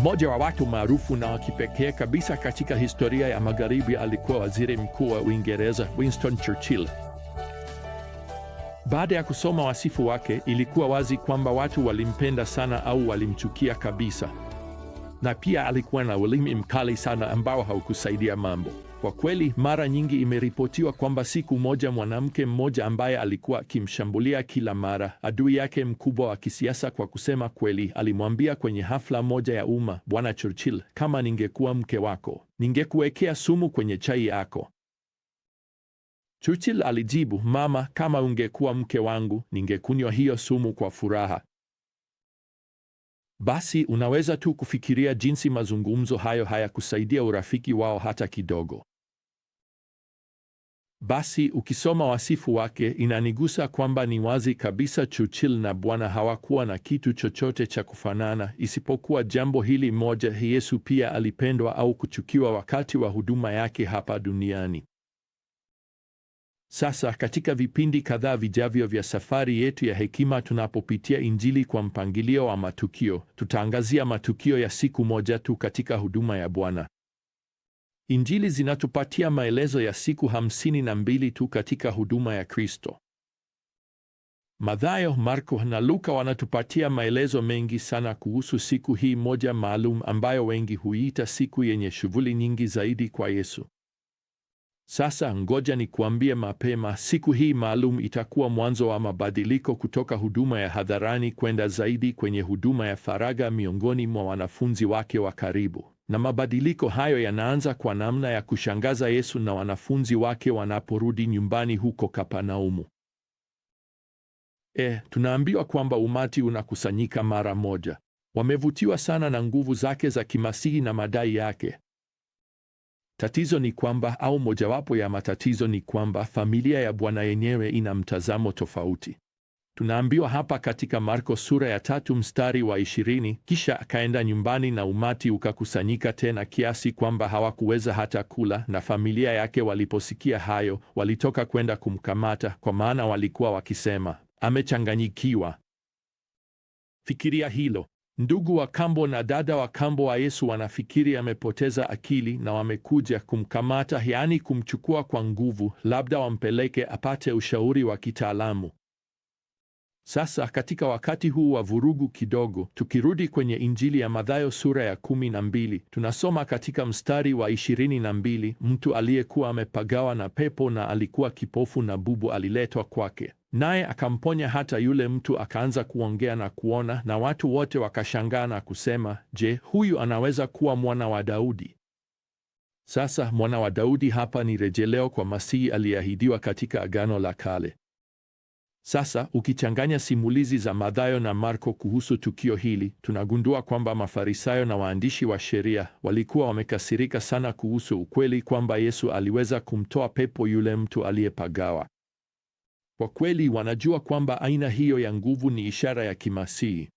Mmoja wa watu maarufu na wa kipekee kabisa katika historia ya Magharibi alikuwa waziri mkuu wa Uingereza Winston Churchill. Baada ya kusoma wasifu wake, ilikuwa wazi kwamba watu walimpenda sana au walimchukia kabisa. Na pia alikuwa na ulimi mkali sana ambao haukusaidia mambo. Kwa kweli, mara nyingi imeripotiwa kwamba siku moja mwanamke mmoja ambaye alikuwa akimshambulia kila mara adui yake mkubwa wa kisiasa kwa kusema kweli, alimwambia kwenye hafla moja ya umma, Bwana Churchill, kama ningekuwa mke wako, ningekuwekea sumu kwenye chai yako. Churchill alijibu, mama, kama ungekuwa mke wangu, ningekunywa hiyo sumu kwa furaha. Basi unaweza tu kufikiria jinsi mazungumzo hayo hayakusaidia urafiki wao hata kidogo. Basi ukisoma wasifu wake inanigusa kwamba ni wazi kabisa Churchill na Bwana hawakuwa na kitu chochote cha kufanana isipokuwa jambo hili moja: Yesu pia alipendwa au kuchukiwa wakati wa huduma yake hapa duniani. Sasa katika vipindi kadhaa vijavyo vya safari yetu ya hekima, tunapopitia Injili kwa mpangilio wa matukio, tutaangazia matukio ya siku moja tu katika huduma ya Bwana. Injili zinatupatia maelezo ya siku hamsini na mbili tu katika huduma ya Kristo. Mathayo, Marko na Luka wanatupatia maelezo mengi sana kuhusu siku hii moja maalum ambayo wengi huiita siku yenye shughuli nyingi zaidi kwa Yesu. Sasa ngoja ni kuambie mapema, siku hii maalum itakuwa mwanzo wa mabadiliko kutoka huduma ya hadharani kwenda zaidi kwenye huduma ya faraga miongoni mwa wanafunzi wake wa karibu. Na mabadiliko hayo yanaanza kwa namna ya kushangaza Yesu na wanafunzi wake wanaporudi nyumbani huko Kapanaumu. E, eh, tunaambiwa kwamba umati unakusanyika mara moja. Wamevutiwa sana na nguvu zake za kimasihi na madai yake. Tatizo ni kwamba au mojawapo ya matatizo ni kwamba familia ya Bwana yenyewe ina mtazamo tofauti. Tunaambiwa hapa katika Marko sura ya tatu mstari wa ishirini, kisha akaenda nyumbani na umati ukakusanyika tena kiasi kwamba hawakuweza hata kula, na familia yake waliposikia hayo walitoka kwenda kumkamata, kwa maana walikuwa wakisema amechanganyikiwa. Fikiria hilo. Ndugu wa kambo na dada wa kambo wa Yesu wanafikiri amepoteza akili na wamekuja kumkamata, yaani kumchukua kwa nguvu, labda wampeleke apate ushauri wa kitaalamu. Sasa katika wakati huu wa vurugu kidogo, tukirudi kwenye Injili ya Mathayo sura ya kumi na mbili, tunasoma katika mstari wa ishirini na mbili, mtu aliyekuwa amepagawa na pepo na alikuwa kipofu na bubu aliletwa kwake, naye akamponya, hata yule mtu akaanza kuongea na kuona, na watu wote wakashangaa na kusema, je, huyu anaweza kuwa mwana wa Daudi? Sasa mwana wa Daudi hapa ni rejeleo kwa Masihi aliyeahidiwa katika Agano la Kale. Sasa ukichanganya simulizi za Mathayo na Marko kuhusu tukio hili, tunagundua kwamba Mafarisayo na waandishi wa sheria walikuwa wamekasirika sana kuhusu ukweli kwamba Yesu aliweza kumtoa pepo yule mtu aliyepagawa. Kwa kweli wanajua kwamba aina hiyo ya nguvu ni ishara ya kimasihi.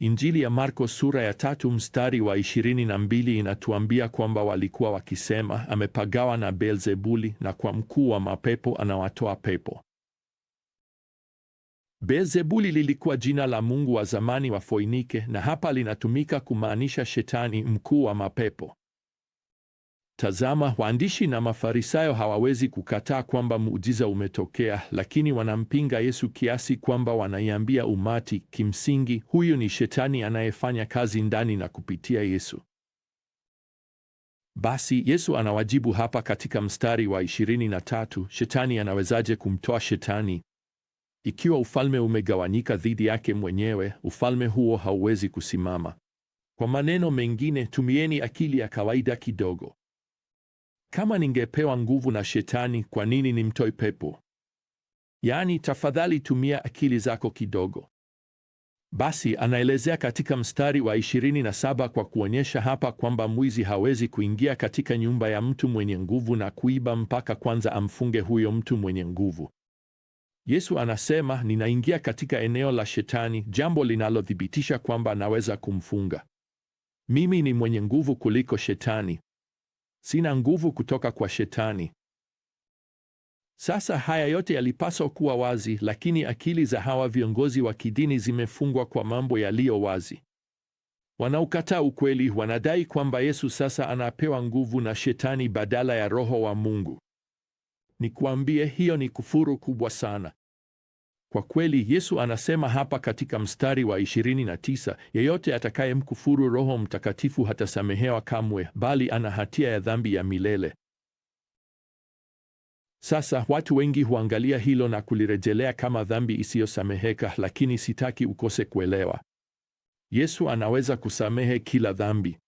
Injili ya Marko sura ya tatu mstari wa ishirini na mbili inatuambia kwamba walikuwa wakisema amepagawa na Beelzebuli na kwa mkuu wa mapepo anawatoa pepo. Beelzebuli lilikuwa jina la mungu wa zamani wa Foinike na hapa linatumika kumaanisha shetani mkuu wa mapepo. Tazama, waandishi na Mafarisayo hawawezi kukataa kwamba muujiza umetokea, lakini wanampinga Yesu kiasi kwamba wanaiambia umati, kimsingi, huyu ni shetani anayefanya kazi ndani na kupitia Yesu. Basi Yesu anawajibu hapa katika mstari wa 23, shetani anawezaje kumtoa shetani? Ikiwa ufalme umegawanyika dhidi yake mwenyewe, ufalme huo hauwezi kusimama. Kwa maneno mengine, tumieni akili ya kawaida kidogo. Kama ningepewa nguvu na Shetani, kwa nini nimtoe pepo? Yaani, tafadhali tumia akili zako kidogo. Basi anaelezea katika mstari wa 27 kwa kuonyesha hapa kwamba mwizi hawezi kuingia katika nyumba ya mtu mwenye nguvu na kuiba mpaka kwanza amfunge huyo mtu mwenye nguvu. Yesu anasema ninaingia katika eneo la Shetani, jambo linalothibitisha kwamba naweza kumfunga. Mimi ni mwenye nguvu kuliko Shetani. Sina nguvu kutoka kwa Shetani. Sasa haya yote yalipaswa kuwa wazi, lakini akili za hawa viongozi wa kidini zimefungwa kwa mambo yaliyo wazi. Wanaukataa ukweli, wanadai kwamba Yesu sasa anapewa nguvu na Shetani badala ya Roho wa Mungu. Nikwambie, hiyo ni kufuru kubwa sana. Kwa kweli, Yesu anasema hapa katika mstari wa 29, yeyote atakayemkufuru Roho Mtakatifu hatasamehewa kamwe, bali ana hatia ya dhambi ya milele. Sasa watu wengi huangalia hilo na kulirejelea kama dhambi isiyosameheka, lakini sitaki ukose kuelewa. Yesu anaweza kusamehe kila dhambi.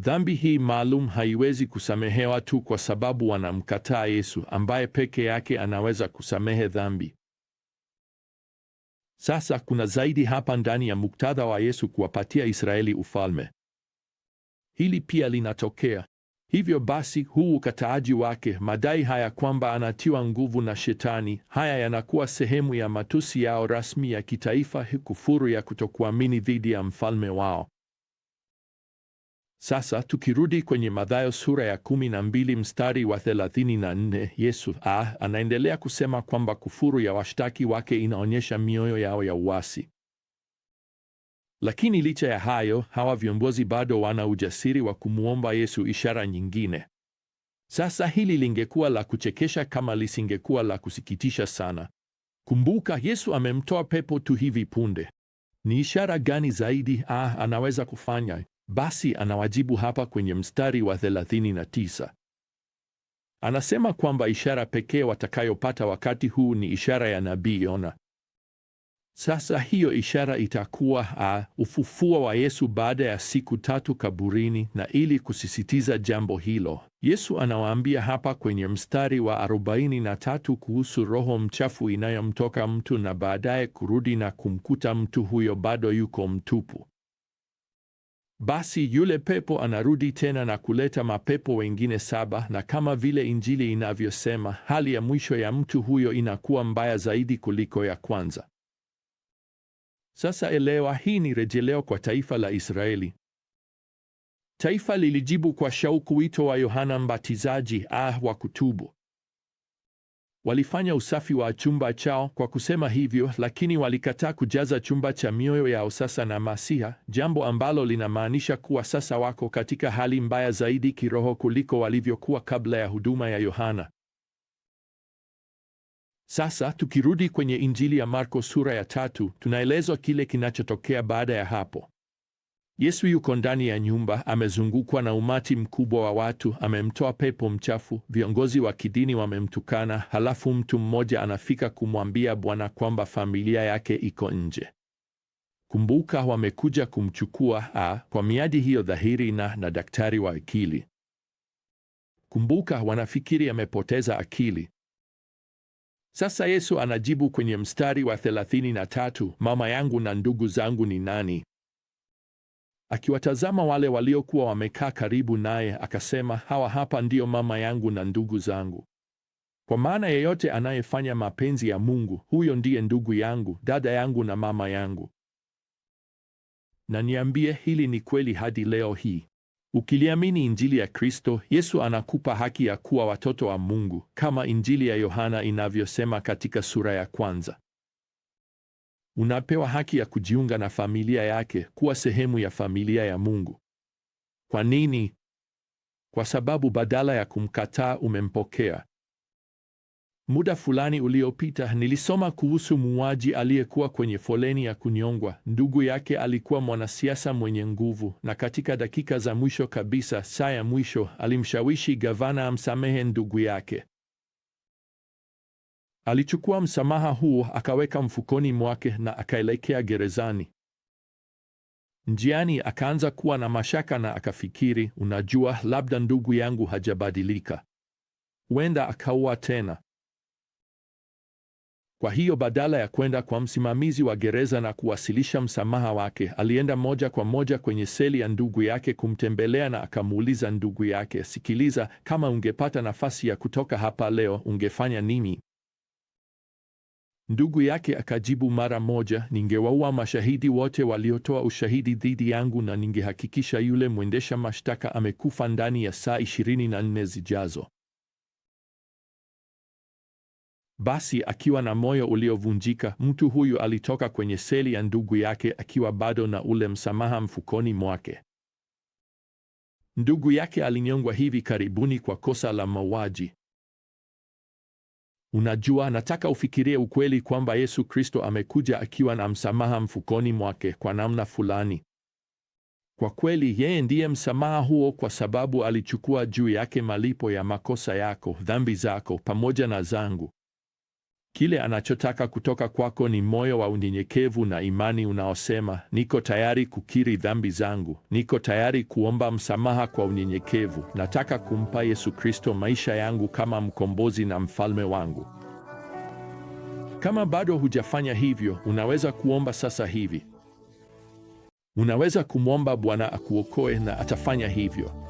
Dhambi hii maalum haiwezi kusamehewa tu kwa sababu wanamkataa Yesu ambaye peke yake anaweza kusamehe dhambi. Sasa kuna zaidi hapa ndani ya muktadha wa Yesu kuwapatia Israeli ufalme. Hili pia linatokea. Hivyo basi, huu ukataaji wake, madai haya kwamba anatiwa nguvu na Shetani, haya yanakuwa sehemu ya matusi yao rasmi ya kitaifa, kufuru ya kutokuamini dhidi ya mfalme wao. Sasa tukirudi kwenye Mathayo sura ya kumi na mbili mstari wa thelathini na nne Yesu a anaendelea kusema kwamba kufuru ya washtaki wake inaonyesha mioyo yao ya uasi. Lakini licha ya hayo, hawa viongozi bado wana ujasiri wa kumwomba Yesu ishara nyingine. Sasa hili lingekuwa la kuchekesha kama lisingekuwa la kusikitisha sana. Kumbuka, Yesu amemtoa pepo tu hivi punde. Ni ishara gani zaidi a anaweza kufanya? Basi anawajibu hapa kwenye mstari wa 39. Anasema kwamba ishara pekee watakayopata wakati huu ni ishara ya nabii Yona. Sasa hiyo ishara itakuwa a ufufuo wa Yesu baada ya siku tatu kaburini. Na ili kusisitiza jambo hilo, Yesu anawaambia hapa kwenye mstari wa 43 kuhusu roho mchafu inayomtoka mtu na baadaye kurudi na kumkuta mtu huyo bado yuko mtupu. Basi yule pepo anarudi tena na kuleta mapepo wengine saba, na kama vile Injili inavyosema, hali ya mwisho ya mtu huyo inakuwa mbaya zaidi kuliko ya kwanza. Sasa elewa, hii ni rejeleo kwa taifa la Israeli. Taifa lilijibu kwa shauku wito wa Yohana Mbatizaji ah, wa kutubu. Walifanya usafi wa chumba chao kwa kusema hivyo, lakini walikataa kujaza chumba cha mioyo yao sasa na Masiha, jambo ambalo linamaanisha kuwa sasa wako katika hali mbaya zaidi kiroho kuliko walivyokuwa kabla ya huduma ya Yohana. Sasa tukirudi kwenye Injili ya Marko sura ya tatu, tunaelezwa kile kinachotokea baada ya hapo. Yesu yuko ndani ya nyumba, amezungukwa na umati mkubwa wa watu, amemtoa pepo mchafu, viongozi wa kidini wamemtukana. Halafu mtu mmoja anafika kumwambia Bwana kwamba familia yake iko nje. Kumbuka, wamekuja kumchukua a, kwa miadi hiyo dhahiri na na daktari wa akili. Kumbuka, wanafikiri amepoteza akili. Sasa Yesu anajibu kwenye mstari wa 33, mama yangu na ndugu zangu ni nani? Akiwatazama wale waliokuwa wamekaa karibu naye, akasema, hawa hapa ndiyo mama yangu na ndugu zangu. Kwa maana yeyote anayefanya mapenzi ya Mungu, huyo ndiye ndugu yangu, dada yangu na mama yangu. Na niambie, hili ni kweli hadi leo hii. Ukiliamini injili ya Kristo, Yesu anakupa haki ya kuwa watoto wa Mungu, kama injili ya Yohana inavyosema katika sura ya kwanza. Unapewa haki ya kujiunga na familia yake, kuwa sehemu ya familia ya Mungu. Kwa nini? Kwa sababu badala ya kumkataa umempokea. Muda fulani uliopita nilisoma kuhusu muuaji aliyekuwa kwenye foleni ya kunyongwa. Ndugu yake alikuwa mwanasiasa mwenye nguvu, na katika dakika za mwisho kabisa, saa ya mwisho, alimshawishi gavana amsamehe ndugu yake. Alichukua msamaha huo akaweka mfukoni mwake na akaelekea gerezani. Njiani akaanza kuwa na mashaka na akafikiri, unajua, labda ndugu yangu hajabadilika, huenda akaua tena. Kwa hiyo badala ya kwenda kwa msimamizi wa gereza na kuwasilisha msamaha wake, alienda moja kwa moja kwenye seli ya ndugu yake kumtembelea, na akamuuliza ndugu yake, sikiliza, kama ungepata nafasi ya kutoka hapa leo ungefanya nini? Ndugu yake akajibu mara moja, ningewaua mashahidi wote waliotoa ushahidi dhidi yangu na ningehakikisha yule mwendesha mashtaka amekufa ndani ya saa ishirini na nne zijazo. Basi akiwa na moyo uliovunjika, mtu huyu alitoka kwenye seli ya ndugu yake akiwa bado na ule msamaha mfukoni mwake. Ndugu yake alinyongwa hivi karibuni kwa kosa la mauaji. Unajua, nataka ufikirie ukweli kwamba Yesu Kristo amekuja akiwa na msamaha mfukoni mwake kwa namna fulani. Kwa kweli, yeye ndiye msamaha huo, kwa sababu alichukua juu yake malipo ya makosa yako, dhambi zako pamoja na zangu. Kile anachotaka kutoka kwako ni moyo wa unyenyekevu na imani unaosema, niko tayari kukiri dhambi zangu, niko tayari kuomba msamaha kwa unyenyekevu, nataka kumpa Yesu Kristo maisha yangu kama mkombozi na mfalme wangu. Kama bado hujafanya hivyo, unaweza kuomba sasa hivi. Unaweza kumwomba Bwana akuokoe na atafanya hivyo.